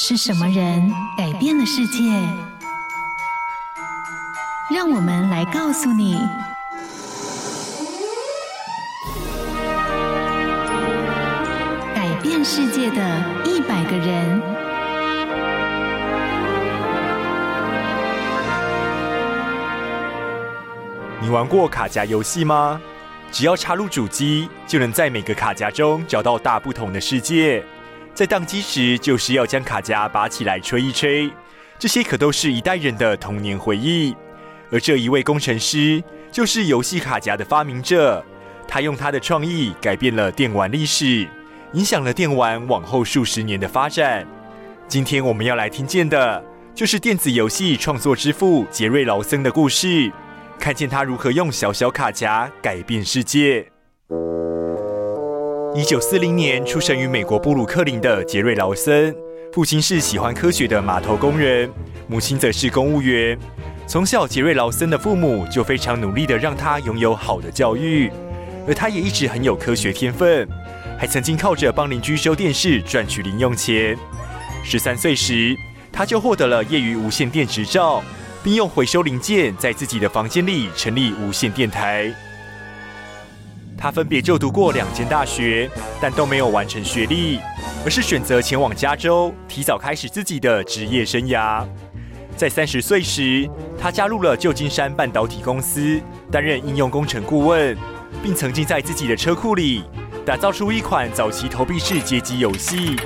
是什麼人改變了世界？讓我們來告訴你：改變世界的一百個人。你玩過卡夾遊戲嗎？只要插入主機，就能在每個卡夾中找到大不同的世界。在當機時，就是要將卡夾拔起來吹一吹。這些可都是一代人的童年回憶。而這一位工程師，就是遊戲卡夾的發明者。他用他的創意，改變了電玩歷史，影響了電玩往後數十年的發展。今天我們要來聽見的，就是電子遊戲創作之父杰瑞勞森的故事。看見他如何用小小卡夾改變世界。一九四零年出生於美國布魯克林的傑瑞勞森，父親是喜歡科學的碼頭工人，母親則是公務員。從小，傑瑞勞森的父母就非常努力地讓他擁有好的教育，而他也一直很有科學天分，還曾經靠着幫鄰居修電視賺取零用錢。十三歲時，他就獲得了業餘無線電執照，並用回收零件在自己的房間裡成立無線電台。他分別就讀過兩間大學，但都沒有完成學歷，而是選擇前往加州，提早開始自己的職業生涯。在三十歲時，他加入了舊金山半導體公司，擔任應用工程顧問，並曾經在自己的車庫裡打造出一款早期投幣式街機遊戲。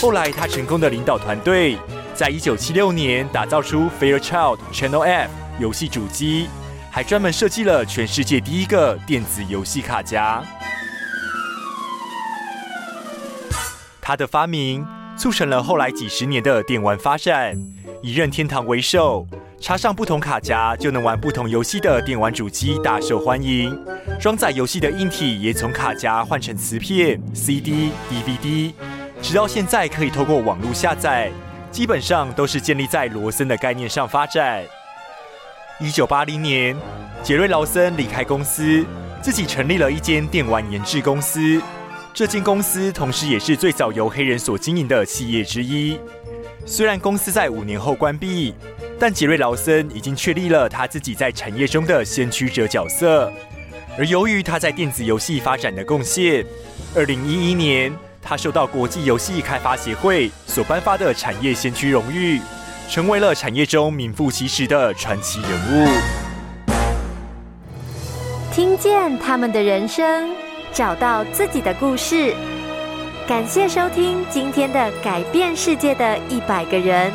後來，他成功的領導團隊，在一九七六年打造出 Fairchild Channel F 遊戲主機。還專門設計了全世界第一個電子遊戲卡夾。他的發明，促成了後來幾十年的電玩發展。以任天堂為首，插上不同卡夾就能玩不同遊戲的電玩主機大受歡迎。裝載遊戲的硬體也從卡夾換成磁片、CD、DVD，直到現在可以透過網絡下載，基本上都是建立在勞森的概念上發展。一九八零年，傑瑞勞森離開公司，自己成立了一間電玩研製公司。這間公司同時也是最早由黑人所經營的企業之一。雖然公司在五年後關閉，但傑瑞勞森已經確立了他自己在產業中的先驅者角色。而由於他在電子遊戲發展的貢獻，二零一一年，他受到國際遊戲開發協會所頒發的產業先驅榮譽。成為了產業中名副其實的傳奇人物。聽見他們的人生，找到自己的故事。感謝收聽今天的改變世界的一百個人。